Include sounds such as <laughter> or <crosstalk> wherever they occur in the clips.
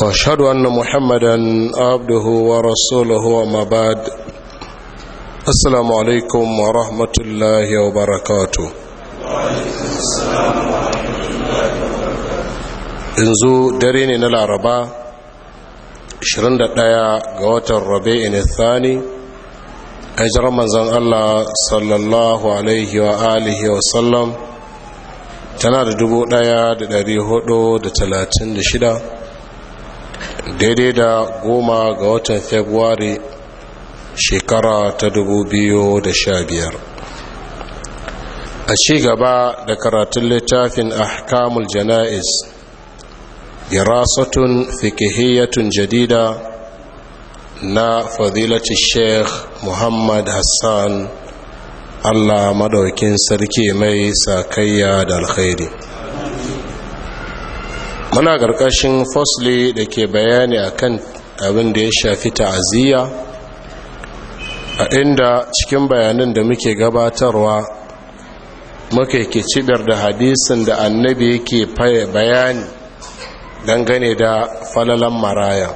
واشهد ان محمدا عبده ورسوله وما بعد السلام عليكم ورحمه الله وبركاته yanzu dare ne na laraba 21 ga watan rabi'in thani hijirar manzon Allah sallallahu alaihi wa alihi wa sallam tana da 1436 daidai da goma ga watan februari shekara ta dubu biyu da sha biyar. a ci gaba da karatun littafin ahkamul jana'iz girasatun fikihiyatun jadida na fadilati sheikh muhammad hassan allah madaukin sarki mai sakayya da alkhairi muna ƙarƙashin fosli da ke bayani akan abin da ya shafi ta'aziyya a inda cikin bayanin da muke gabatarwa muke ke cidar da hadisin da annabi yake bayani dangane da falalan maraya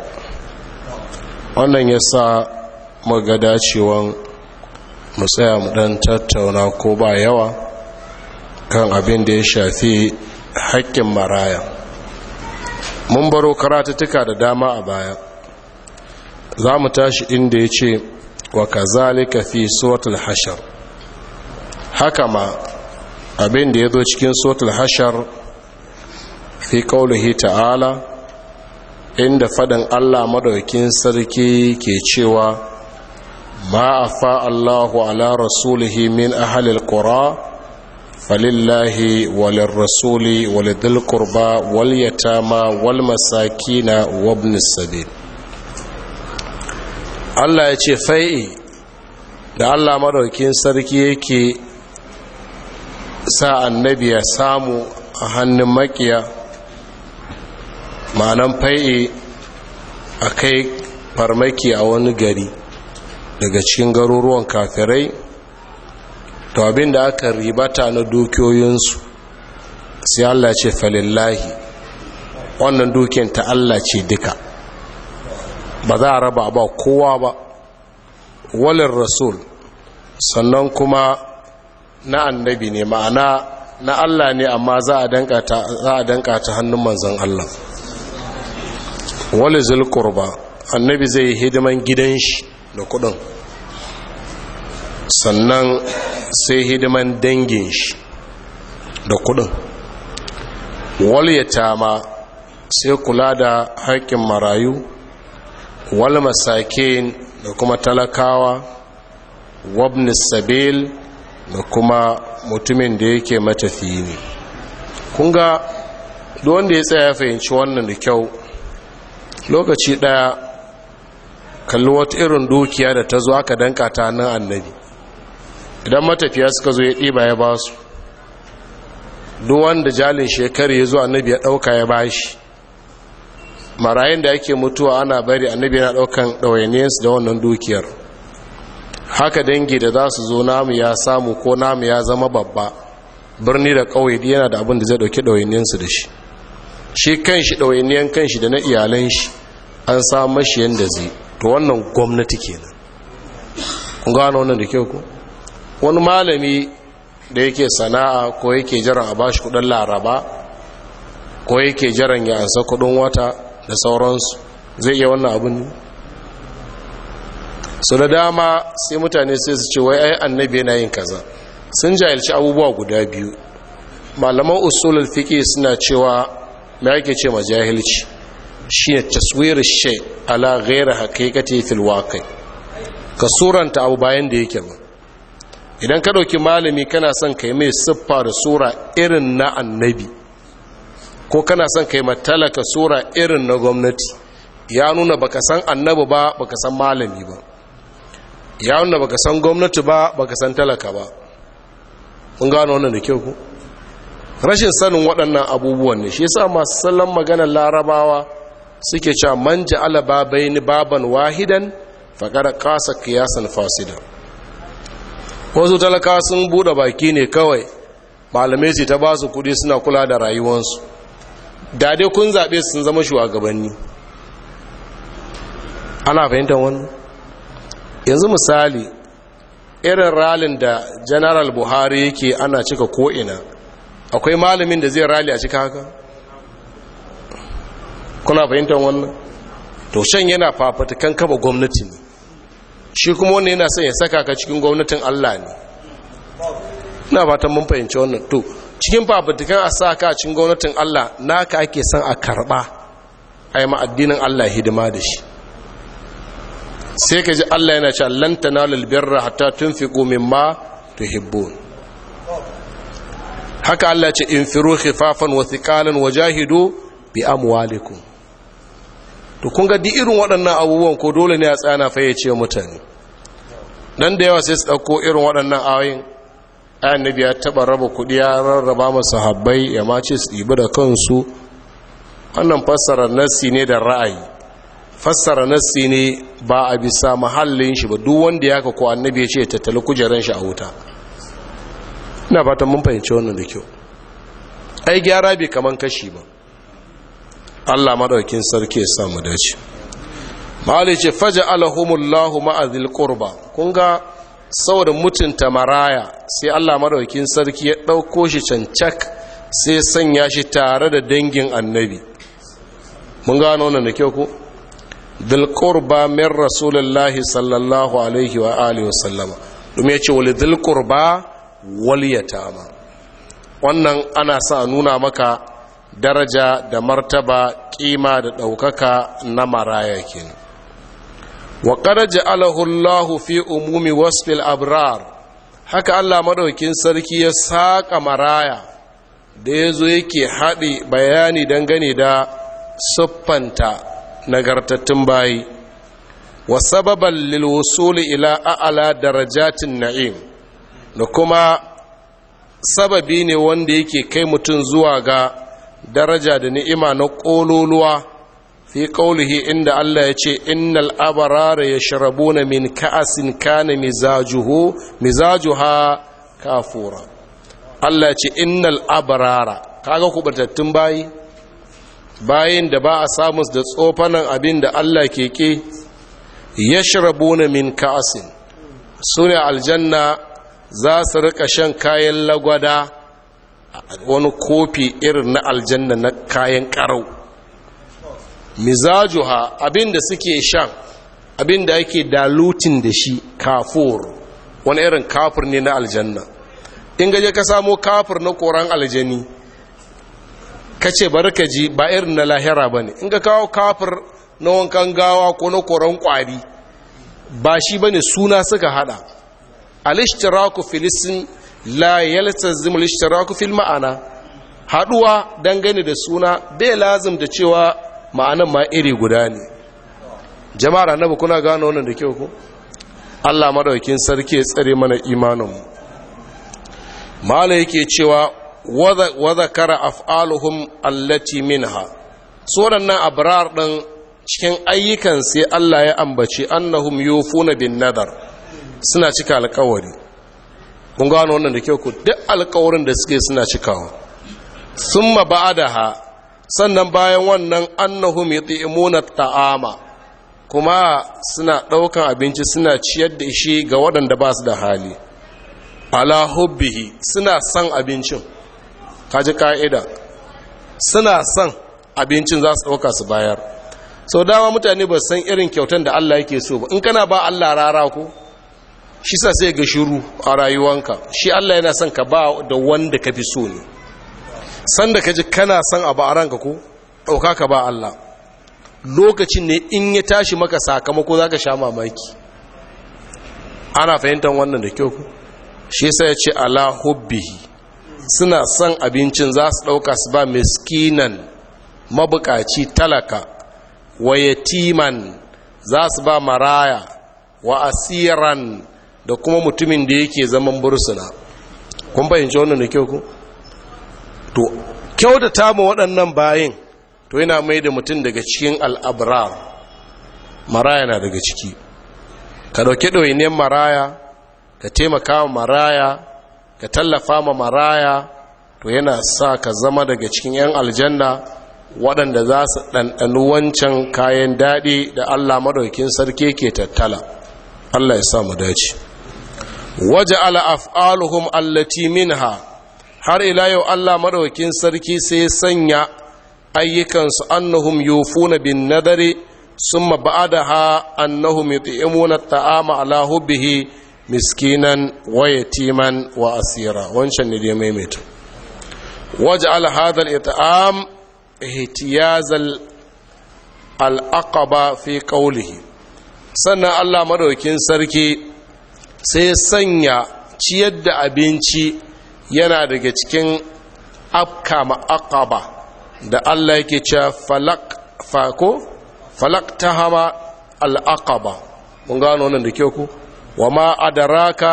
wannan ya sa muga dacewan mu tsaya mu tattauna ko ba yawa kan abin da ya shafi haƙƙin maraya mun baro karatattuka da dama a baya za mu tashi inda ya ce wa kazalika fi suratul hashar haka ma abin da ya zo cikin suratul hashar fi kaulihi ta'ala inda faɗin allah maɗaukin sarki ke cewa ma allahu ala rasulihi min ahalil ƙura falillahi walin rasuli walidil kurba walyatama walmasakina wabnis sabil allah ya ce fai'i da allah maraukin sarki yake sa annabi ya samu a hannun makiya ma'anan fai'i a kai farmaki a wani gari daga cikin garuruwan kafirai to abin da aka ribata na dukiyoyinsu sai Allah ce falillahi wannan dukiyar ta Allah ce duka ba za a raba ba kowa ba walin rasul sannan kuma na annabi ne ma'ana na Allah ne amma za a danka ta hannun manzan Allah wali zulkurba annabi zai yi hidiman gidan shi da kudin sannan sai hidiman dangin shi da kudin wal ma sai kula da haƙƙin marayu wal masakin da kuma talakawa wabni sabil da kuma mutumin da yake matafiyi ne ga duk wanda ya tsaya ya fahimci wannan da kyau lokaci daya kalli wata irin dukiya da ta zo aka danka ta nan annabi idan matafiya suka zo ya ɗiba ya ba su duk wanda jalin shekaru ya zo annabi ya ɗauka ya ba shi marayin da yake mutuwa ana bari annabi yana ɗaukan ɗawainiyarsu da wannan dukiyar haka dangi da za su zo namu ya samu ko namu ya zama babba birni da ƙauye yana da abin da zai ɗauki ɗawainiyarsu da shi shi kan shi ɗawainiyar kan shi da na iyalan shi an samu mashi yadda zai to wannan gwamnati kenan kun gano wannan da kyau ko wani malami da yake sana'a ko yake jiran a bashi kudin laraba ko yake jiran ya ansa kudin wata da sauransu zai iya wannan abin su da dama sai mutane sai su ce wai ai annabi yana yin kaza sun jahilci abubuwa guda biyu malaman usulul fiqi suna cewa me yake ce ma jahilci shine taswir shay ala ghairi haqiqati fil waqi ka suranta abu bayan da yake ba idan ka ɗauki malami kana son kai mai siffa da sura irin na annabi ko kana son kai matalaka sura irin na gwamnati ya nuna baka san annabi ba baka san malami ba ya nuna baka san gwamnati ba baka san talaka ba kun gano wannan da kyau ku rashin sanin waɗannan abubuwan ne shi yasa masu salon maganar larabawa suke cewa man ja'ala ni baban wahidan faqad qasa qiyasan fasida wasu talaka sun bude baki ne kawai malamai su ta ba su kudi suna kula da rayuwansu da dai kun zaɓe sun zama shugabanni ana fahimtar wannan yanzu misali irin ralin da general buhari yake ana cika ko'ina akwai malamin da zai rali a cika haka kuna fahimtar wannan to shan yana fafatakan kaba gwamnati ne shi kuma wani yana son ya saka ka cikin gwamnatin Allah ne ina fatan mun fahimci wannan to cikin fafutukan a sa ka cikin gwamnatin Allah naka ake son a karba a yi addinin Allah hidima da shi sai ka ji Allah yana ci lan tanalul birra hatta tunfiqu mimma tuhibbun haka Allah ce infiru khifafan wa thiqalan wajahidu bi amwalikum to kun ga di irin waɗannan abubuwan ko dole ne a tsana fayyace mutane Nan da yawa sai su ɗauko irin waɗannan ayoyin annabi ya taɓa raba kuɗi ya rarraba masu habbai ya mace ce su ibi da kansu wannan fassara nassi ne da ra'ayi fassara nassi ne ba a bisa mahallin shi ba duk wanda ya ka ko annabi ya ce tattali kujeran shi a wuta ina fatan mun fahimci wannan da kyau ai gyara bai kaman kashi ba Allah madaukin sarki ya samu dace Mali ce faja alahumullahu ma'azil qurba kun ga saboda mutunta maraya sai Allah madaukakin sarki ya ɗauko shi cancak sai sanya shi tare da dangin annabi mun gano nan da kyau ko Dil qurba min rasulullahi sallallahu alaihi wa alihi wa sallama domin ce wal dhil qurba wal yatama wannan ana sa nuna maka daraja da martaba kima da ɗaukaka na maraya kenan wa ƙarja alahullahu fi umumi wasfil abrar haka allah maɗaukin sarki ya saƙa maraya da ya zo yake haɗe bayani dangane da siffanta nagartattun bayi wa sababan lilwusuli ila a'ala darajatin na'im da kuma sababi ne wanda yake kai mutum zuwa ga daraja da ni'ima na ƙololuwa fi kaulihi inda Allah ya ce innal sharabu na min ka'asin kane mizajuhu mizajuha kafura Allah ya ce innal abrara kaga kubartattun bayi bayin da ba a samus da tsofanan abin da Allah ke ke na min ka'asin Su sune aljanna za su rika shan kayan lagwada wani kofi irin na aljanna na kayan karau mizajuha abinda suke shan abinda ake dalutin da shi kafur wani irin kafur ne na aljanna in gaje ka samo kafur na koran aljani ka ce bari ka ji ba irin na lahira ba ne in ka kawo kafur na wankan gawa ko na koran kwari ba shi ba ne suna suka hada alishtiraku filisin la yaltazim alishtiraku fil ma'ana haduwa dangane da suna bai lazim da cewa ma'anan ma iri guda ne jama'ar annabi kuna gano wannan da kyau ku Allah madaukin sarki ya tsare mana imanin mala yake cewa wa zakara af'aluhum allati minha suran nan abrar din cikin ayyukan sai Allah ya ambaci. annahum yufuna bin nadar suna cika alƙawari kun gano wannan da kyau ku duk alƙawarin da suke suna cikawa summa ba'adaha sannan bayan wannan annahum yut'imuna ta'ama kuma suna ɗaukan abinci suna ciyar da shi ga waɗanda ba su da hali ala hubbihi suna son abincin kaji ka'ida suna son abincin za su ɗauka su bayar sau dama mutane ba san irin kyautan da Allah yake so ba in kana ba Allah rara ko shi sa sai ga shiru a rayuwanka shi Allah yana son ka ba da wanda ka fi so ne sanda ka ji kana son abu a ranka ko ɗauka ka ba Allah lokacin ne in ya tashi maka sakamako za ka sha mamaki ana fahimtar wannan da kyau shi yasa ya ce ala hubbihi suna san abincin za su ɗauka su ba miskinan mabukaci talaka wa yatiman za su ba maraya wa asiran da kuma mutumin da yake zaman bursuna kun fahimci wannan da kyau ku to kyautata mu waɗannan bayin to yana mai da mutum daga cikin al'abrar maraya na daga ciki ka ɗauki ɗoyinin maraya ka taimaka wa maraya ka tallafa ma maraya to yana sa ka zama daga cikin 'yan aljanna waɗanda za su ɗanɗanu wancan kayan daɗi da allah maɗaukin sarki ke tattala allah ya sa mu dace waje ala'af'aluhum allati minha har ila yau Allah madaukakin sarki sai sanya ayyukansu annahum yufuna bin nadari summa ba'daha annahum yut'imuna ta'ama ala hubbihi miskinan wa yatiman wa asira wancan ne dai maimaita waj'al hadha al-it'am ihtiyaz al-aqaba fi qawlihi sannan Allah madaukakin sarki sai sanya ciyar da abinci yana daga cikin afka ma'aqaba da Allah yake cewa falak fako falak tahama al'aqaba mun gano wannan da kyau ku wa ma adraka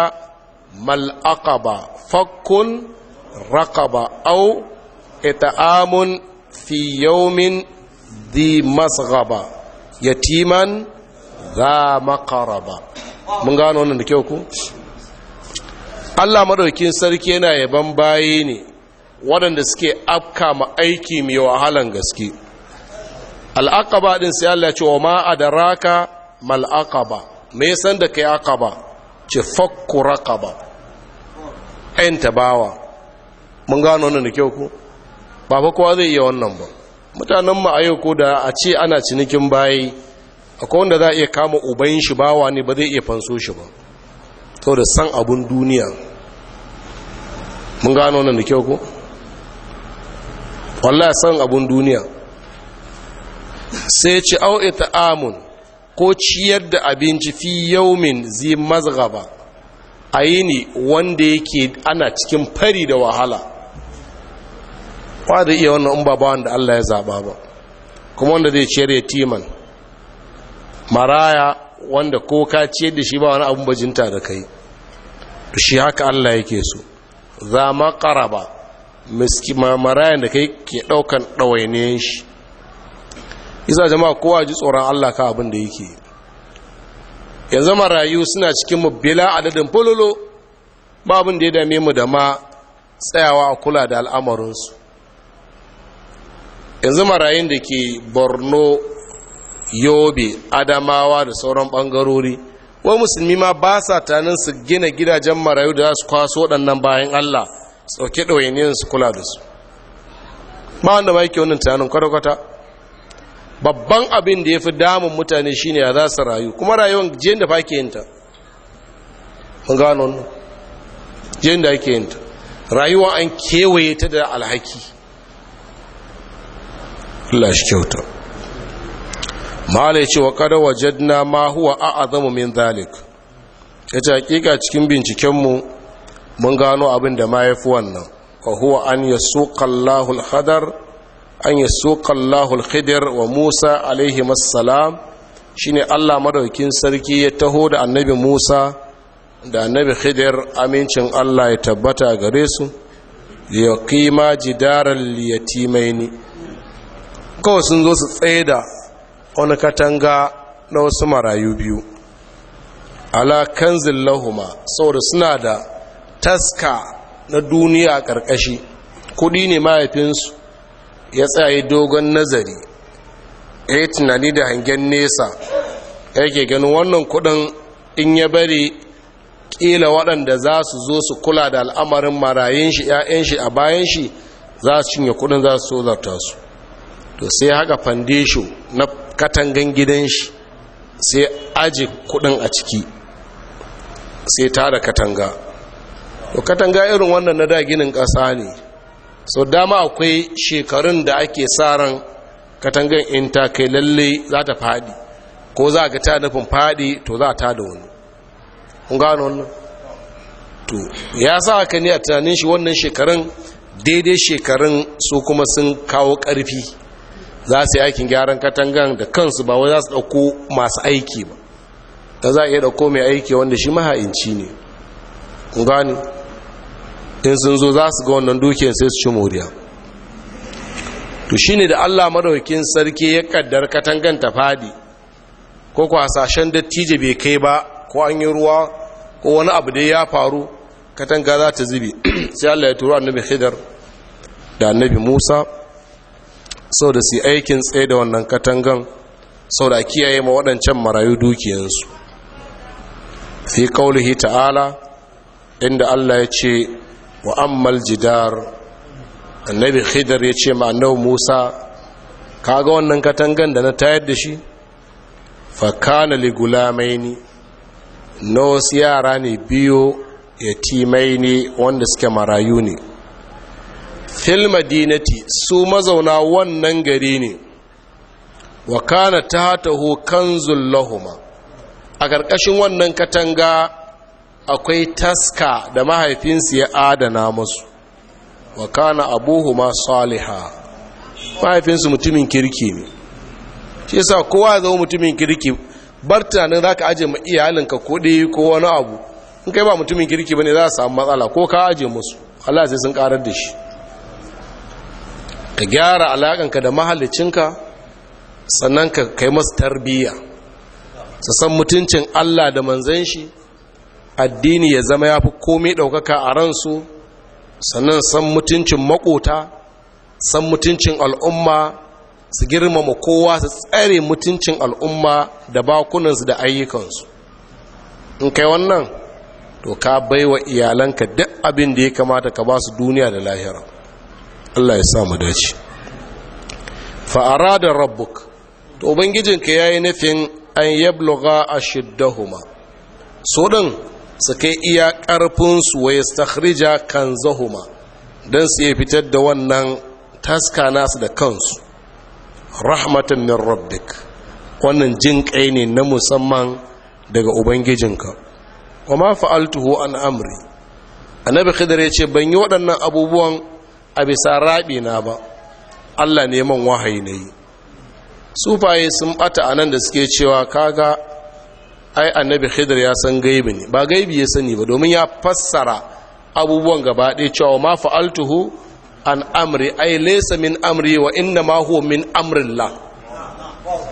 mal aqaba fakkun raqaba au it'amun fi yawmin di masghaba yatiman za maqaraba mun gano wannan da kyau ku Allah madaukin sarki yana yaban baye ne waɗanda suke afka ma aiki mai wahalan gaske al'aqaba din sai Allah ce wa ma adraka mal aqaba me san da kai aqaba ce fakku raqaba ayin tabawa mun gano wannan da kyau ko ba kowa zai iya wannan ba mutanen mu ayo ko da a ce ana cinikin bayi akwai wanda za a iya kama uban shi bawa ne ba zai iya fanso shi ba saboda san abun duniya mun gano nan da kyau ko wallahi san abun duniya sai ci au ita'amun ko ciyar da abinci fi yaumin zi mazgaba a wanda yake ana cikin fari da wahala ba da iya wannan ba wanda Allah ya zaba ba kuma wanda zai ciyar ya timan maraya wanda ko ka ciyar da shi ba wani abun bajinta da kai shi haka Allah yake so za ma ƙaraba marayan da kai ke ɗaukan ɗawainiyan shi isa jama'a kowa ji tsoron allah ka abin da yake yanzu marayu suna cikin mu bila adadin fololo ba abin da ya dame mu da ma tsayawa a kula da al'amarinsu yanzu marayun da ke borno yobe adamawa da sauran ɓangarori ko musulmi ma ba sa tanin su gina gidajen marayu da su kwaso waɗannan bayan Allah sauke ɗawainiyar su kula da su ba wanda ba yake wannan tunanin kwata-kwata babban abin da ya fi damun mutane shine ya za su rayu kuma rayuwar jiyan da fa ke yinta mun gano wannan jiyan da ake yinta rayuwa an kewaye ta da alhaki Allah shi kyauta mala ya ce wa kada na ma huwa azamu min zalik ya ce hakika cikin bincikenmu mun gano abin da ma ya fi wannan wa huwa an yasuqa Allahu al an wa Musa alaihi shi shine Allah madaukin sarki ya taho da annabi Musa da annabi khidir amincin Allah ya tabbata gare su ya kima jidaral ne kawai sun zo su tsaye da wani katanga na wasu marayu biyu ala kanzin lahuma saboda suna da taska na duniya a ƙarƙashi kuɗi ne mahaifinsu ya tsaye dogon nazari ya yi tunani da hangen nesa ya ke ganin wannan kuɗin in ya bari ƙila waɗanda za su zo su kula da al'amarin marayun shi 'ya'yan shi a bayan shi za su cinye kuɗin za su so zarta su to sai haka fandesho na katangan gidan shi sai aji kudin a ciki sai tara katanga to katanga irin wannan na da ginin ƙasa ne so dama akwai shekarun da ake sa ran katangan in ta kai lalle za ta fadi ko za ga ta nufin fadi to za ta da wani kun gano wannan to ya sa haka ne a tunanin shi wannan shekarun daidai shekarun su kuma sun kawo ƙarfi za su yi aikin gyaran katangan da kansu ba wai za su dauko masu aiki ba da za a iya dauko mai aiki wanda shi maha'inci ne gani in sun zo za su ga wannan dukiyar sai su ci moriya to ne da allah madaukin sarki ya kaddar katangan ta fadi ko kwasashen dattijo bai kai ba ko an yi ruwa ko wani abu da ya faru katanga za ta zubi <clears throat> sai allah ya turo annabi hidar da annabi musa sau da su aikin tsaye da wannan katangan sau da kiyaye ma waɗancan marayu dukiyansu fi kaulihi ta'ala inda Allah ya ce wa ammal jidar annabi khidar ya ce ma musa kaga wannan katangan da na tayar da shi fakana li gulamaini na wasu yara ne biyu timai ne wanda suke marayu ne fil madinati su mazauna wannan gari ne wa kana taho kanzul lahuma a ƙarƙashin wannan katanga akwai taska da mahaifinsu ya adana musu wa kana abuhuma saliha mahaifinsu mutumin kirki ne shi yasa kowa ya zama mutumin kirki bar tunanin za ka aje ma iyalinka kuɗi ko wani abu in kai ba mutumin kirki ba za a samu matsala ko ka aje musu Allah sai sun karar da shi ka gyara alaƙanka da mahalicinka sannan ka kai masu tarbiyya su san mutuncin allah da manzan shi addini ya zama ya fi komai ɗaukaka a ransu sannan san mutuncin makota san mutuncin al'umma su girmama kowa su tsare mutuncin al'umma da bakunansu da ayyukansu in kai wannan to ka baiwa iyalanka duk abin da ya kamata ka ba su duniya da lahira Allah ya samu mu dace fa'ara da rabbuk to ubangijinka ya yi nufin an yabluga a shiddahuma su su kai iya ƙarfinsu wa ya kan zahuma don su fitar da wannan taska nasu da kansu rahmatan min rabbik wannan jin ƙai ne na musamman daga ubangijinka wa ma fa'altuhu an amri annabi khidr ya ce ban yi waɗannan abubuwan a bisa raɓi na ba allah neman wahayi na yi sufaye sun ɓata a nan da suke cewa kaga ai annabi khidr ya san gaibi ne ba gaibi ya sani ba domin ya fassara abubuwan gaba ɗaya cewa ma fa'altuhu an amri ai laysa min amri wa inna ma huwa min amrillah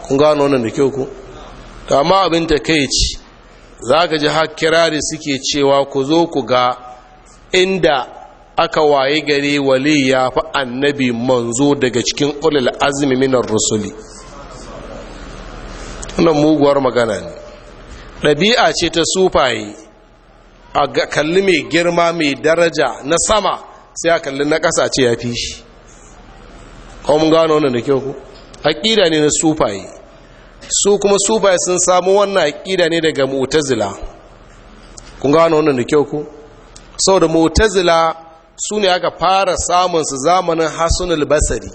kun gano nan da kyau ku Ta ma abin ta kai ci ka ji har kirari suke cewa ku zo ku ga inda aka waye gare wali ya fi annabi manzo daga cikin ulul azmi minar rusuli wannan muguwar magana ne ɗabi'a ce ta sufaye a kalli mai girma mai daraja na sama sai a kalli na ƙasa ce ya fi shi mun gano wannan da kyau ku ƙida ne na sufaye su kuma sufaye sun samu wannan ƙida ne daga mu'tazila kun gano wannan da kyau ku da mu'tazila su ne aka fara samunsu zamanin hasunul basari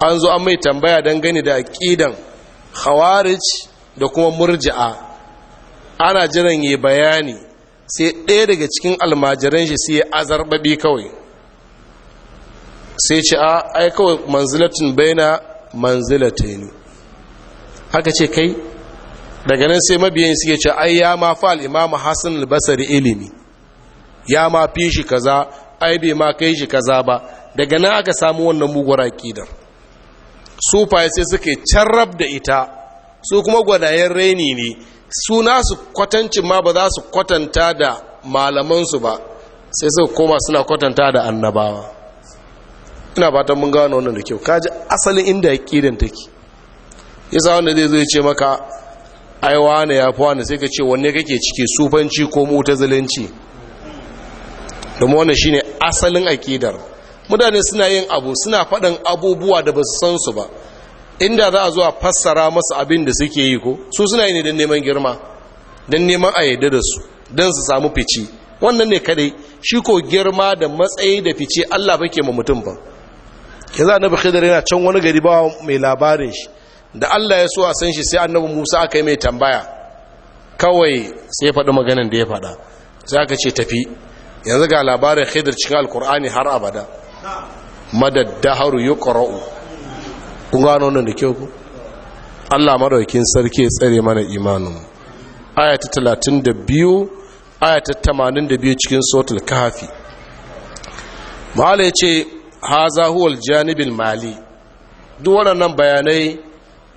an zo an mai tambaya don gani da aƙidan khawarij da kuma murji'a ana jiran yi bayani sai ɗaya daga cikin almajiran shi sai azarbabi kawai sai ce a ai kawai manzilatin baina ne haka ce kai daga nan sai mabiyan suke ce ai ya ma fa al hasan al ilimi ya ma fi shi kaza ai bai ma kai shi kaza ba daga nan aka samu wannan muguwar akidar sufaye sai suke carrab da ita su kuma gwadayen reni ne su nasu kwatancin ma ba za su kwatanta da malamansu ba sai suka koma suna kwatanta da annabawa ina fatan mun gano wannan da kyau kaji asalin inda akidan take yasa wanda zai zo ya ce maka ai wane ya fi wane sai ka ce wanne kake ciki sufanci ko mutazalanci domin wannan shine asalin akidar mutane suna yin abu suna faɗin abubuwa da ba su san su ba inda za a zuwa fassara masu abin da suke yi ko su suna yi ne don neman girma don neman a yadda da su don su samu fici wannan ne kadai shi ko girma da matsayi da fice Allah bake ma mutum ba ya za annabi yana can wani gari ba mai labarin shi da Allah ya so a san shi sai annabi Musa aka yi mai tambaya kawai sai ya faɗi maganin da ya faɗa sai aka ce tafi yanzu ga labarin khidr cikin alkur'ani har abada madaddaharu yi ƙara'u kun gano nan da kyau ku allah maraukin sarki ya tsare mana imanin ayata talatin ayata tamanin cikin sotul kahafi ma'ala ya ce haza huwal janibin mali duk waɗannan bayanai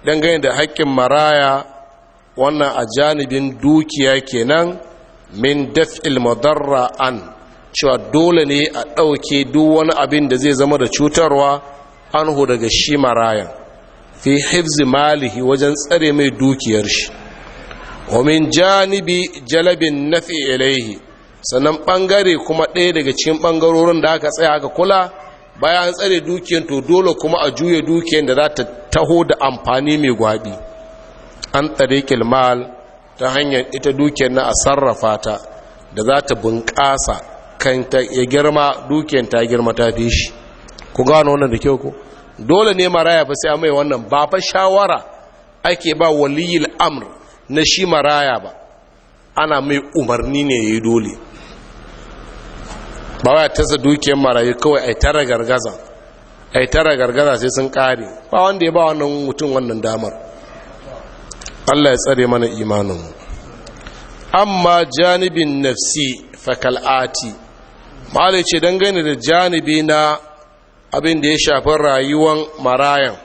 dangane da haƙƙin maraya wannan a janibin dukiya kenan min daf'il madarra an cewa dole ne a ɗauke duk wani abin da zai zama da cutarwa an anhu daga shi marayan fi hifzi malihi wajen tsare mai dukiyar shi omin janibi jalabin nafi ilaihi sannan ɓangare kuma ɗaya daga cikin ɓangarorin da aka tsaya aka kula bayan tsare dukiyar to dole kuma a juya dukiyar da za ta taho da amfani mai gwabi an tsare kilmal ta hanyar ita dukiyar na a sarrafa ta da za ta bunƙasa kan ya girma dukiyar ta girma ta fi shi ku gano wannan da kyau ku dole ne maraya fa sai mai wannan ba fa shawara ake ba waliyil amr na shi maraya ba ana mai umarni ne yayi dole ba wai tasa dukiyar marayu kawai ai tara gargaza ai tara gargaza sai sun kare ba wanda ya ba wannan mutum wannan damar Allah ya tsare mana imanin amma janibin nafsi fakal'ati malai ce dangane da janibi na abin da ya shafi rayuwan marayan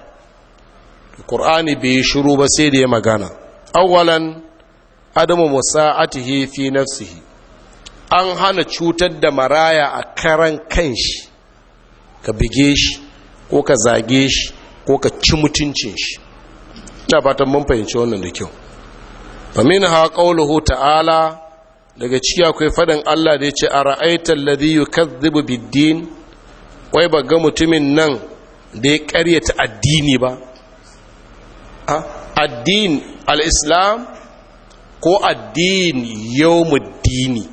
ƙur'ani bai yi shiru ba sai da ya magana awwalan adamu Musa hefi fi nafsihi an hana cutar da maraya a karan kanshi ka bige shi ko ka zage shi ko ka ci mutuncin shi ina fatan mun fahimci wannan da kyau famin ha ta'ala daga ciki akwai faɗan Allah da ya ce a ra'aitar ladhiyu kazzibu biddin wai ba ga mutumin nan da ya karyata addini ba addin al-islam yau mu yawmuddini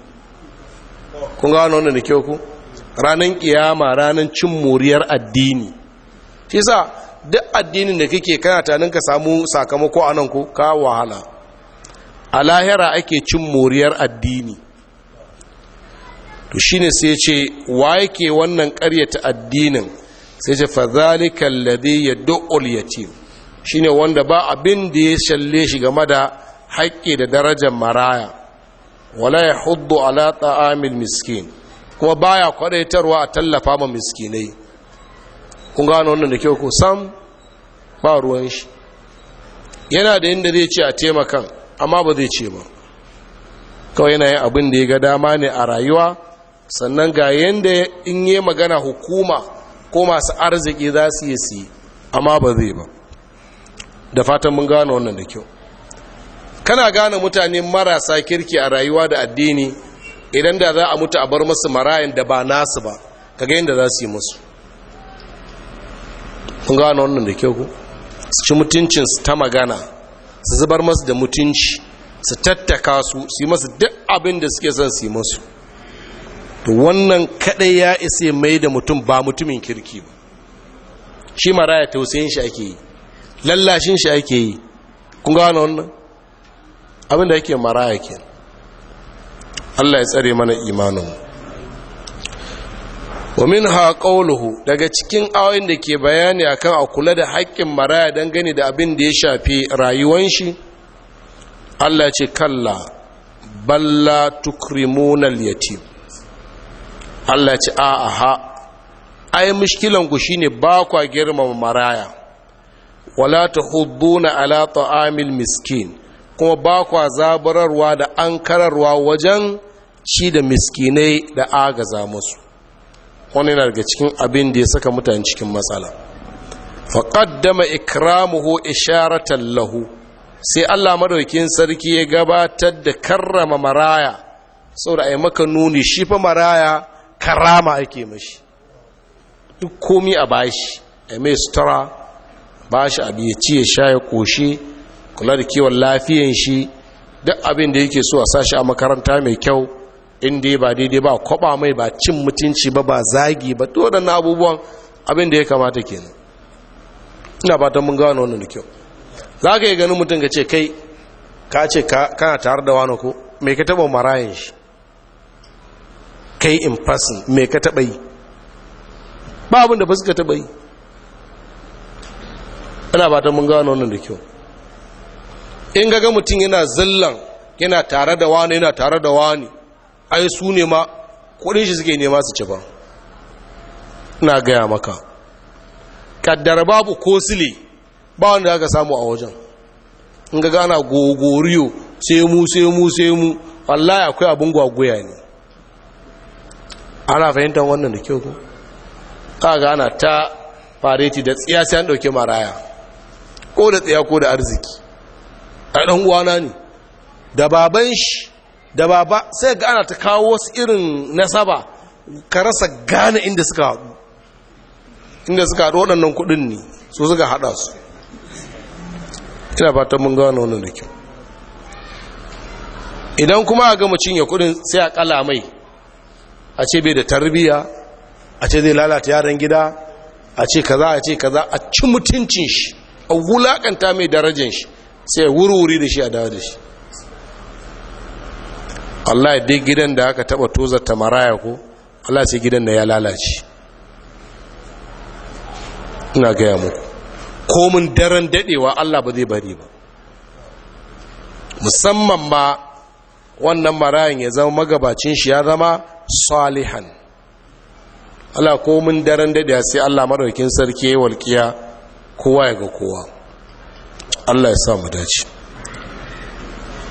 kun gano wanda da kyau ku ranan kiyama ranan cin moriyar addini shi sa duk addinin da kake kana tanin ka samu sakamako nan ku ka wahala a lahira ake cin moriyar addini to shine sai ce wa yake wannan karyata addinin sai ce fa zalika alladhi yad'ul yatim shine wanda ba abin da ya shalle shi game da haƙƙi da darajar maraya wala yahuddu ala ta'amil miskin kuma baya kwadaitarwa a tallafa ma miskinai kun gano wannan da kyau ko sam ba ruwan shi yana da inda zai ce a taimakan amma ba zai ce ba kawai yana yin abin da ya ga dama ne a rayuwa sannan ga yadda in yi magana hukuma ko masu arziki za su yi su amma ba zai ba da fatan mun gane wannan da kyau kana gane mutane marasa kirki a rayuwa da addini idan da za a mutu a bar masu marayan da ba nasu ba ka ga yadda za su yi musu mun gane wannan da kyau ku su ci mutuncinsu ta magana su zubar masu da mutunci su tattaka su su yi masu duk abin da suke son su yi masu to wannan kadai ya isa mai da mutum ba mutumin kirki ba shi maraya tausayin shi ake yi lallashin shi ake yi kun wani wannan abin da yake maraya ke Allah ya tsare mana imaninmu wa min ha daga cikin awon da ke bayani akan a kula da haƙƙin maraya gani da abin da ya shafi rayuwar shi Allah ce kalla balla tukrimuna al-yatim Allah ce a'a ha ai mushkilan ku shine ba kwa girmama maraya wala ta tahudduna ala ta'amil miskin kuma ba kwa zabararwa da ankararwa wajen ci da miskinai da agaza musu wani yana daga cikin abin da ya saka mutane cikin matsala faƙaddama ikramuhu isharatan lahu sai allah madaukin sarki ya gabatar da karrama maraya saboda a yi maka nuni shi fa maraya karama ake mashi duk komi a bashi a mai sutura bashi abu ya ci ya sha ya ƙoshi kula da kiwon lafiyan shi duk abin da yake so a sashi a makaranta mai kyau inda ba daidai ba kwaba mai ba cin mutunci ba ba zagi ba to da abubuwan abin da ya kamata kenan ina fatan mun gano wannan da kyau za ka yi ganin mutum ka ce kai ka ce kana tare da wani ko mai ka taba marayan shi kai in person mai ka taba yi ba abin da ba suka taba yi ina fatan mun gano wannan da kyau in ga mutum yana zillan yana tare da wani yana tare da wani ai su ne ma kudin shi suke nema su ci ba ina gaya maka Kaddar babu ko sile ba wanda aka samu a wajen in ga gana gogoriyo sai mu sai mu sai mu wallahi akwai abin gwagwaya ne ana fahimtar wannan da kyau ka gana ta fareti da tsiya sai an dauke maraya ko da tsiya ko da arziki a ɗan uwana ne da baban shi da baba sai ga ana ta kawo wasu irin nasaba ka rasa gane inda suka haɗu inda suka haɗu waɗannan kuɗin ne su suka haɗa su ina fatan mun gane wannan da kyau idan kuma a gama cinye kuɗin sai a ƙala mai a ce bai da tarbiya a ce zai lalata yaran gida a ce kaza a ce kaza a ci mutuncin shi a wulaƙanta mai darajin shi sai wuri-wuri da shi a dawo da shi ya dai gidan da aka taba tozarta maraya ko Allah sai gidan da ya lalace ina gaya muku komin daren dadewa Allah ba zai bari ba musamman ma wannan marayan ya zama magabacin shi ya zama salihan Allah komin daren dadewa sai Allah madaukin sarki ya walkiya kowa ya ga kowa Allah ya sa mu dace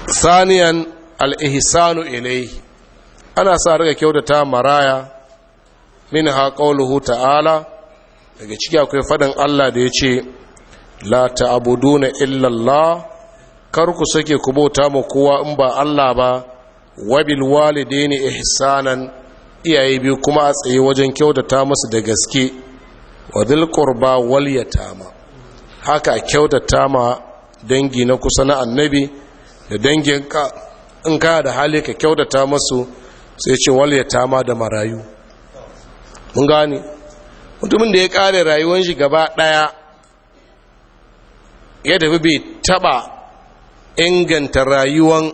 saniyan al-ihsanu ana sa rika kyautata maraya min ha qawluhu ta'ala daga ciki akwai faɗin Allah da ya ce la ta’abudu na illallah, kar ku sake ku bauta ma kowa in ba Allah ba wabil ne ihsanan iyaye biyu kuma a tsaye wajen kyautata musu da gaske wadil dhil qurba wal haka kyautata ma dangi na kusa na annabi da dangin ka in kana da hali ka kyautata masu sai ce walyata ma da marayu mun gani. mutumin da ya kare rayuwar shi gaba daya ya tafi bai taba inganta rayuwan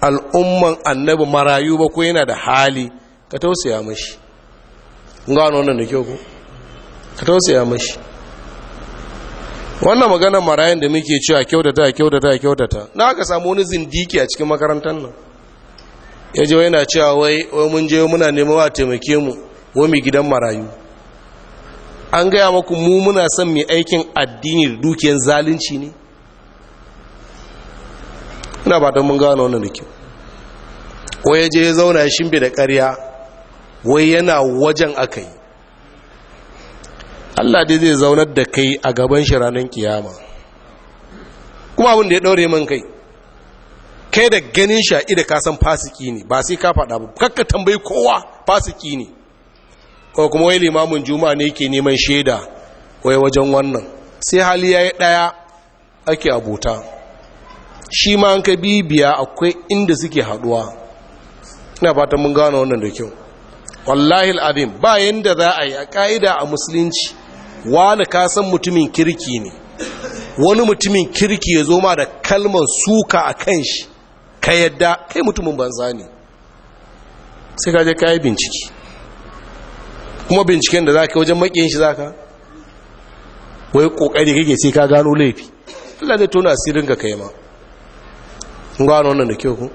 al'umman annabi marayu ba ko yana da hali ka tausaya mashi gano wannan da kyau ko. ka tausaya mashi wannan maganar marayan da muke cewa kyautata kyautata kyautata na aka samu wani zindiki a cikin makarantar nan ya je yana cewa wai wai mun je muna neman a taimake mu wai mu gidan marayu an gaya maku mu muna son mai aikin addini da dukiyar zalunci ne ina ba mun gano wannan da kyau wai ya je ya zauna ya shimbe da ƙarya wai yana wajen aka yi Allah dai zai zaunar da kai a gaban shi ranar kiyama kuma abin da ya ɗaure man kai kai da ganin shi a ida ka san fasiki ne ba sai ka faɗa ba kakka tambayi kowa fasiki ne ko kuma wai limamin juma'a ne ke neman shaida wai wajen wannan sai hali ya yi ɗaya ake abota shi ma an ka bibiya akwai inda suke haɗuwa ina fatan mun gano wannan da kyau wallahi al'azim ba yanda za a yi a ka'ida a musulunci wani ka san mutumin kirki ne wani mutumin kirki ya zo ma da kalman suka a kan shi ka yadda kai mutumin banza ne sai ka je ka yi bincike kuma binciken da za ka wajen makiyin shi za ka wai kokari kake sai ka gano laifi Allah zai tona asirin ka kai ma kun gano wannan da kyau ku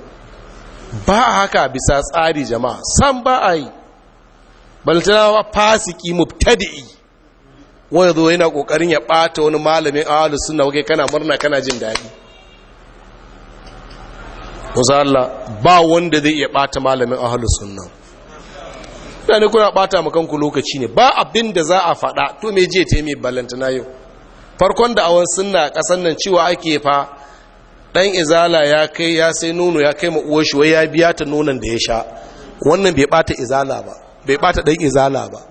ba haka bisa tsari jama'a san ba a yi balantana fasiki mubtadi'i wanda zo yana kokarin ya bata wani malamin ahalu sunna wake kana murna kana jin daɗi wasu Allah ba wanda zai iya bata malamin ahalu sunna da ne kuna bata makanku lokaci ne ba abin da za a faɗa to me je ta mai balantana yau farkon da awon sunna kasan nan cewa ake fa dan izala ya kai ya sai nono ya kai ma'uwar shi wai ya biya ta nonon da ya sha wannan bai bata izala ba bai bata ɗan izala ba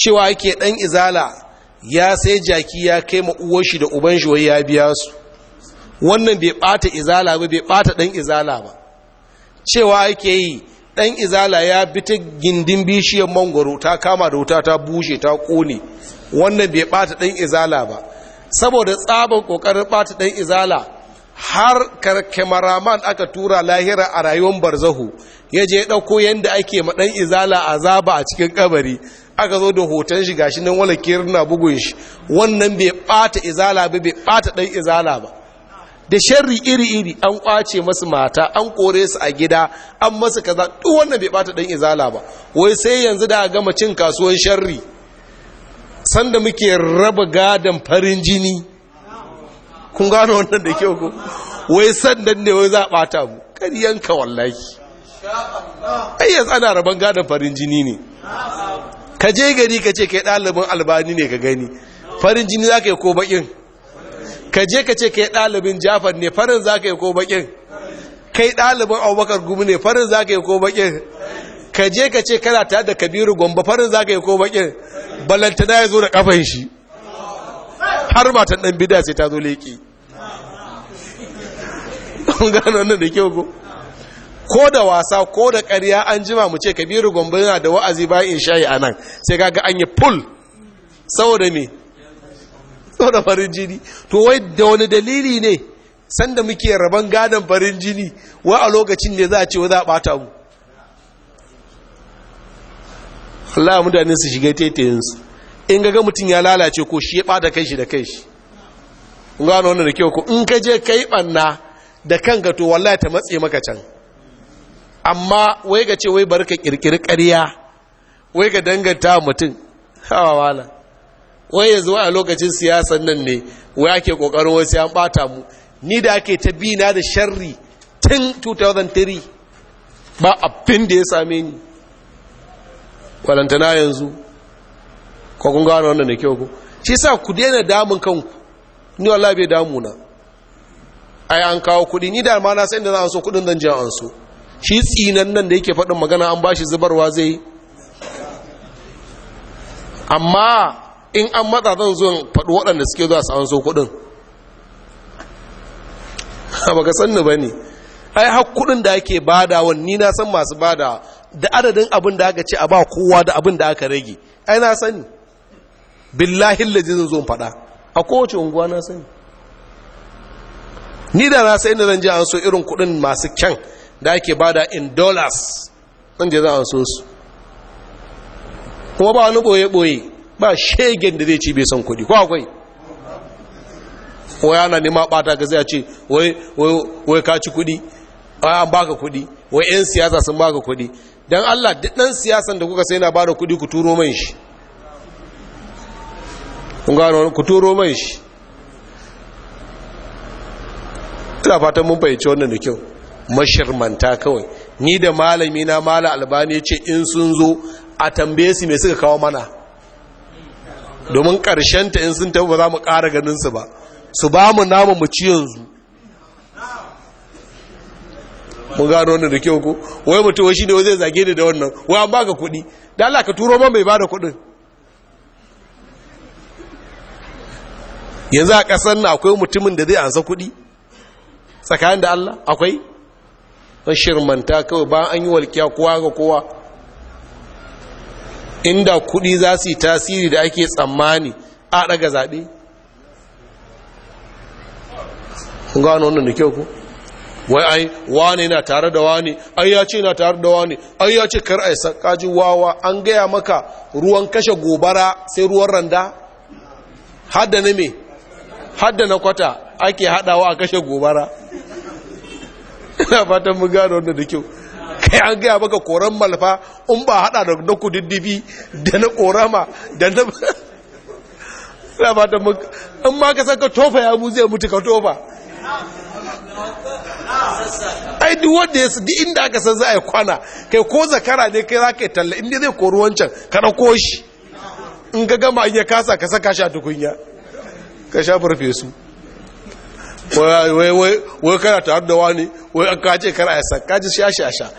cewa yake dan izala ya sai jaki ya kai ma uwar shi da uban shi wai ya biya su wannan bai bata izala ba bai bata dan izala ba cewa yake yi dan izala ya bi ta gindin bishiyar mangoro ta kama da wuta ta bushe ta kone wannan bai bata dan izala ba saboda tsaban kokarin bata dan izala har karkamaraman aka tura lahira a rayuwar barzahu ya je ɗauko yadda ake ma ɗan izala azaba a cikin kabari aka zo da hoton shi gashi nan wala na bugun shi wannan bai bata izala ba bai bata dan izala ba da sharri iri-iri an kwace masu mata an kore su a gida an masu kaza duk wannan bai bata dan izala ba wai sai yanzu da gama cin kasuwan sharri sanda muke raba gadon farin jini kun gano wannan da kyau ko wai sandan ne wai za a bata mu kar yanka wallahi ai yanzu ana raban gadon farin jini ne ka je gari ka ce kai ɗalibin albani ne ka gani farin jini za ka yi ko baƙin ka je ka ce kai ɗalibin jafar ne farin za ka yi ko baƙin kai ɗalibin abubakar gumi ne farin za ka yi ko baƙin ka je ka ce kana tare da kabiru gombe farin za ka yi ko baƙin balantana ya zo da ƙafan shi har ta ɗan bida sai ta zo leƙi gano nan da kyau ko ko da wasa ko da karya an jima mu ce kabiru gombe yana da wa'azi bayan shayi a nan sai kaga an yi pul saboda me saboda farin jini to wai da wani dalili ne sanda muke rabon gadon farin jini wa a lokacin ne za a ce wa za a bata mu Allah mutane su shiga tetayinsu in ga mutum ya lalace ko shi ya bada kai shi da kai shi gano wannan da kyau ko in ka je kai banna da kanka to wallahi ta matse maka can amma wai ga ce wai bar ka kirkiri ƙarya wai ga danganta mutum hawa wala wai yanzu a lokacin siyasan nan ne wai ake kokarin wasu ya bata mu ni da ake ta bi na da sharri tun 2003 ba abin da ya same ni kwalantana yanzu ko kun gano wannan da kyau ko shi sa ku daina damun kanku ni wallahi bai A ai an kawo kuɗi ni da ma na san da za a so kuɗin zan je an so shi tsinan nan da yake faɗin magana an ba shi zubarwa zai amma in an matsa zan zo faɗi waɗanda suke zuwa su an so kuɗin ba ka sannu ba ne ai har kuɗin da ake bada wani na san masu bada da adadin abin da aka ce a ba kowa da abin da aka rage ai na sani billahin da zan zo faɗa a kowace unguwa na sani ni da na sai inda zan ji an so irin kuɗin masu kyan da ake bada in dollars ɗan je za a so su kuma ba wani ɓoye-ɓoye ba shegen da zai ci bai son kuɗi ko akwai wai na nema ɓata ga zai ce wai ka ci kuɗi an baka kuɗi wai 'yan siyasa sun baka kuɗi don allah duk ɗan siyasan da kuka sai na bada kuɗi ku turo man shi ku turo man shi ina fatan mun fahimci wannan da kyau mashirmanta kawai ni da malami na mala albani ce in sun zo a tambaye su mai suka kawo mana domin ta in sun tafi ba za mu ƙara ganinsu ba su ba mu namu mu ci yanzu mun gano wannan da kyau ko wai mutum shi ne zai zage ni da wannan wai an baka kuɗi da Allah ka turo man bai bada kuɗin yanzu a ƙasar na akwai mutumin da zai ansa kuɗi tsakanin da Allah akwai shirmanta kawai ba an yi walƙiya kowa ga kowa inda kuɗi za su yi tasiri da ake tsammani a ɗaga zaɓe gano wannan da kyau ku wai ai wane na tare da wane ai ya ce na tare da wane ai ya ce kar ai sakaji wawa an gaya maka ruwan kashe gobara sai ruwan randa hadda na me hadda na kwata ake hadawa a kashe gobara ina fatan mun gano wannan da kyau kai an gaya baka koran malfa in ba hada da na kududdufi da na korama da na ina fatan mun in ma ka saka tofa ya zai mutu ka tofa ai duk wanda ya duk inda aka san za a yi kwana kai ko zakara ne kai za ka yi talla inda zai koru wancan ka na shi in ka gama in ya kasa ka saka shi a tukunya ka sha farfe su wai kana tare da wani wai an kace kar a san kaji shashasha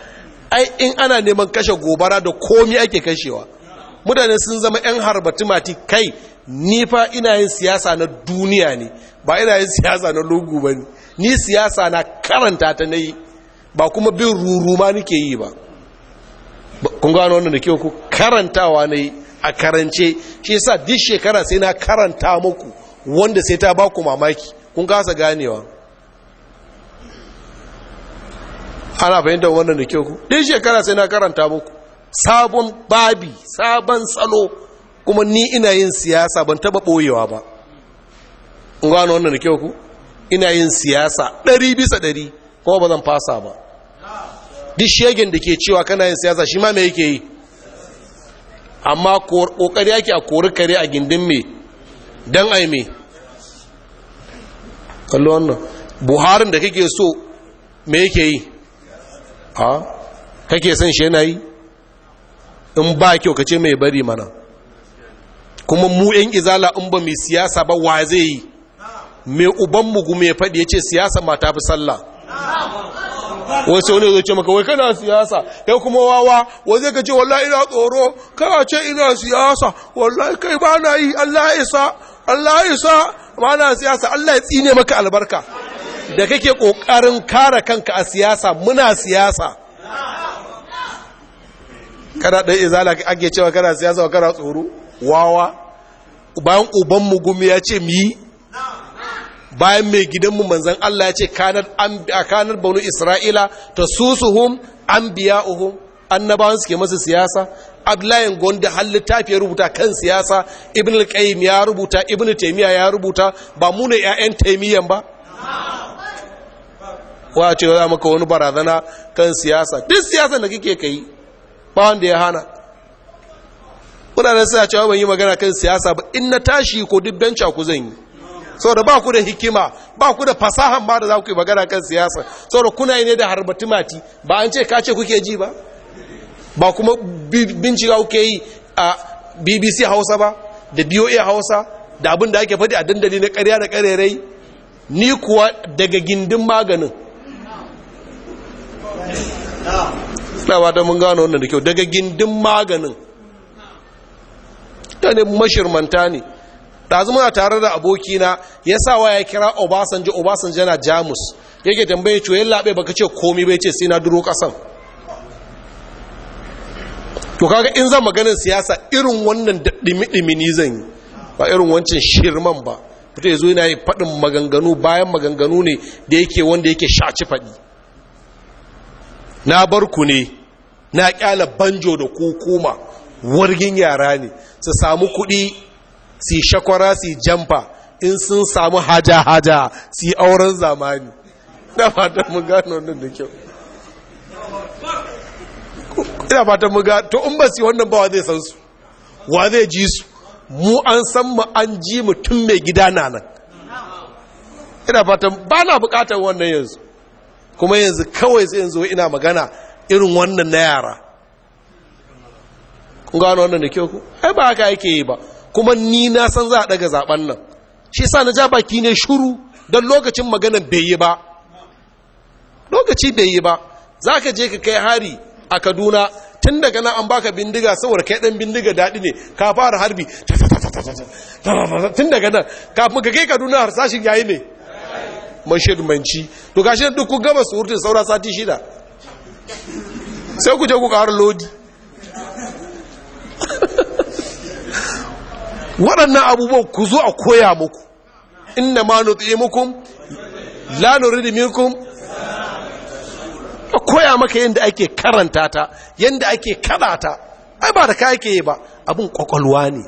ai in ana neman kashe gobara da komi ake kashewa mutane sun zama yan mati kai ni fa ina yin siyasa na duniya ne ba ina yin siyasa na lugu ba ne ni siyasa na karanta ta na yi ba kuma bin ruruma nake yi ba kun gano wannan da ke ku karantawa na yi a karance shi yasa duk shekara sai na karanta muku wanda sai ta ba ku mamaki kun kasa ganewa ana fahimtar wannan da kyau ku ɗin shekara sai na karanta muku sabon babi sabon salo kuma ni ina yin siyasa ban taba ɓoyewa ba kun gano wannan da kyau ku ina yin siyasa ɗari bisa ɗari kuma ba zan fasa ba duk shegen da ke cewa kana yin siyasa shi ma me yake yi amma ƙoƙari yake a kori kare a gindin me don ai me kallo wannan buharin da kake so me yake yi a kake son shi yana yi in ba kyau ka ce mai bari mana kuma mu yan izala in ba mai siyasa ba wa zai yi mai uban mugu mai faɗi ya ce siyasa ma ta fi sallah wai wani zai ce maka wai kana siyasa ya kuma wawa wai zai ka ce wallahi ina tsoro kana ce ina siyasa wallahi kai ba na yi Allah isa Allah isa wana siyasa Allah ya tsine maka albarka da kake kokarin kare kanka a siyasa muna siyasa Kada dai izala ake cewa kana siyasa kana tsoro wawa bayan uban mu gumi ya ce mi bayan mai gidanmu manzon Allah ya ce kanar banu isra'ila ta susuhum an biya annabawan suke masa siyasa abdullahi gonda har littafi ya rubuta kan siyasa ibn al-qayyim ya rubuta ibn taymiya ya rubuta ba mu ne ƴaƴan taymiyan ba wa ce za maka wani barazana kan siyasa duk siyasa da kike kai ba wanda ya hana kuna da sai a cewa ban yi magana kan siyasa ba in na tashi ko duk benca ku zan yi saboda ba ku da hikima ba ku da fasahan ba da za ku yi magana kan siyasa saboda kuna yi ne da harbatimati ba an ce ka ce kuke ji ba ba kuma bincika kuke yi a bbc hausa ba da boa hausa da abin da ake faɗi a dandali na ƙarya da ƙarerai ni kuwa daga gindin maganin tsawa da mun gano wannan da kyau daga gindin maganin ta ne mashirmanta ne ɗazu muna tare da abokina ya sa wa ya kira obasanjo obasanjo na jamus yake tambaye cewa yin baka ce komi bai ce sai na duro ƙasan to kaga in zan maganin siyasa irin wannan da dimi-dimi zan yi ba irin wancan shirman ba mutum ya zo yana yi faɗin maganganu bayan maganganu ne da yake wanda yake shaci faɗi na bar ku ne na ƙyala banjo da kukuma wargin yara ne su samu kuɗi su shakwara su jamfa in sun samu haja-haja su yi auren zamani na fatan mun gano nan da kyau ina fatan muga to in ba su wannan ba wa zai san su wa zai ji su mu an san mu an ji mutum mai gida na nan ina fatan ba na bukatar wannan yanzu kuma yanzu kawai zai yanzu ina magana irin wannan na yara kun gano wannan da kyau ku ai ba haka yake yi ba kuma ni na san za a daga zaben nan shi sa na ja baki ne shuru don lokacin maganar bai yi ba lokaci bai yi ba za ka je ka kai hari a kaduna tun daga nan an baka bindiga saboda kai dan bindiga daɗi ne ka fara harbi tun daga nan kafin ka kai kaduna harsashin yayi ne man shaidu manci to gashi duk kun gama surutun saura sati shida sai ku je ku ƙara lodi waɗannan abubuwan ku zo a koya muku inna ma nutsi muku la nuridu minkum a koya maka yadda ake karanta ta yadda ake kada ta ai ba da ka ake yi ba abin kwakwalwa ne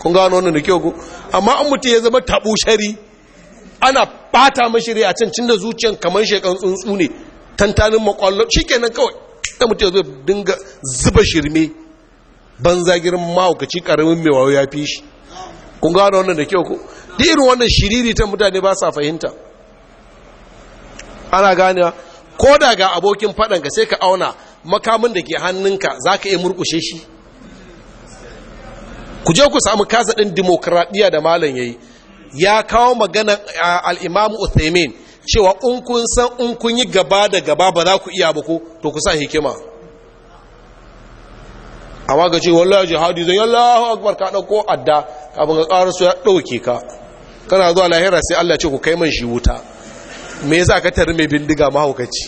kun gano wannan da kyau ku amma an mutu ya zama tabo shari ana bata mashiri a can cin da zuciyan kamar shekan tsuntsu ne tantanin makwallo shi kenan kawai da mutu ya zo dinga zuba shirme ban zagirin mahaukaci karamin mai wayo ya fi shi kun gano wannan da kyau ku da irin wannan shiriri ta mutane ba sa fahimta ana ganewa ko da ga abokin faɗanka sai ka auna makamin da ke hannunka za ka iya murkushe shi ku je ku samu kasa ɗin dimokuraɗiyya da malam ya yi ya kawo maganan al'imamu uthaymin cewa in kun san in kun yi gaba da gaba ba za ku iya ba ko to ku sa hikima amma ga ce wallahi jihadi zai yallahu akbar ka ɗauko adda abin ga ƙarar su ya ɗauke ka kana zuwa lahira sai allah ce ku kai man shi wuta me za ka tare mai bindiga mahaukaci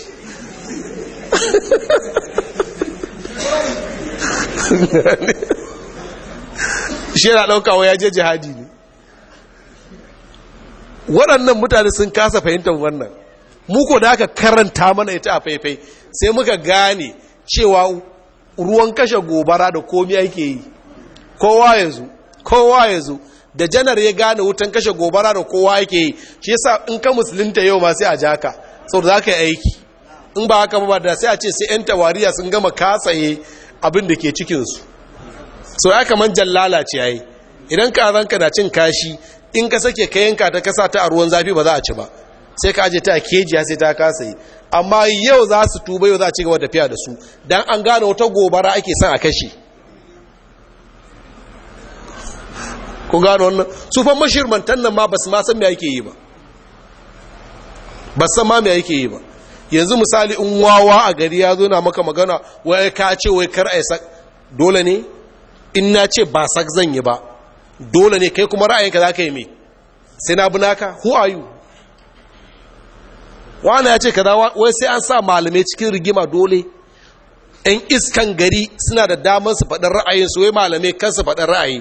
shi yana wa ya je jihadi ne waɗannan mutane sun kasa fahimtar wannan muku da aka karanta mana ita a faifai sai muka gane cewa ruwan kashe gobara da komi ake yi kowa ya zo kowa ya zo da janar ya gane wutan kashe gobara da kowa yake yi shi yasa in ka musulunta yau ba sai a ja ka sau da za yi aiki in ba haka ba da sai a ce sai 'yan tawariya sun gama kasaye abin da ke cikinsu sau ya kamar jallala ce yayi idan ka zanka na cin kashi in ka sake ka yanka ta kasa ta a ruwan zafi ba za a ci ba sai ka aje ta a kejiya sai ta kasaye amma yau za su tuba yau za a ci gaba da fiya da su dan an gane wata gobara ake son a kashe ku gano wannan su fa mashirmantan nan ma ba su ma san me yake yi ba ba san ma me yake yi ba yanzu misali in wawa a gari ya zo na maka magana wai ka ce wai kar ai sak dole ne in na ce ba sak zan yi ba dole ne kai kuma ra'ayinka za ka yi me sai na bi naka who are you wani ya ce kaza wai sai an sa malamai cikin rigima dole yan iskan gari suna da damar su faɗin ra'ayin su wai malamai kan su faɗin ra'ayi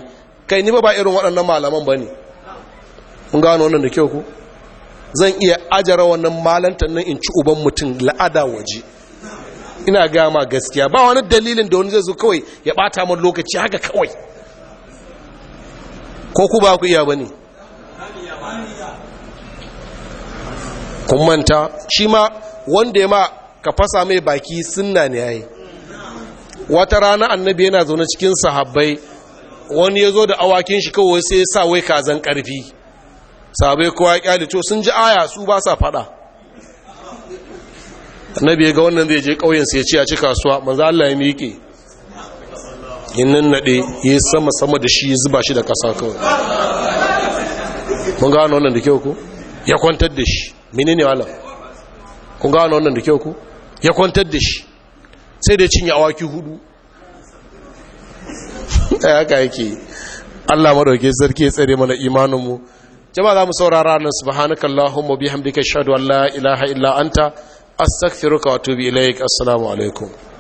kai ni ba ba irin waɗannan malaman ba ne mun gano wannan da kyau ku zan iya ajara wannan malantar nan in ci uban mutum la'ada waje ina gama gaskiya ba wani dalilin da wani zai zo kawai ya bata min lokaci haka kawai ko ku ba ku iya ba ne kun manta shi ma wanda ya ma ka fasa mai baki sunna ne ya yi wata rana annabi yana zaune cikin sahabbai wani ya zo da awakin shi kawai sai sa wai kazan ƙarfi sabai kowa ya to sun ji aya su ba sa faɗa annabi ya ga wannan zai je ƙauyensa ya ce a ci kasuwa manzo Allah ya miƙe innan nade ya sama sama da shi ya zuba shi da kasa kawai Kun gano wannan da kyau ko ya kwantar da shi menene wala kun gano wannan da kyau ko ya kwantar da shi sai da cinye awaki hudu Eh, haka yake Allah madauke sarki ya tsare mana imanin mu jama'a za mu saurara nan subhanakallahumma bihamdika hamdika an la ilaha illa anta astaghfiruka wa atubu ilaik assalamu alaikum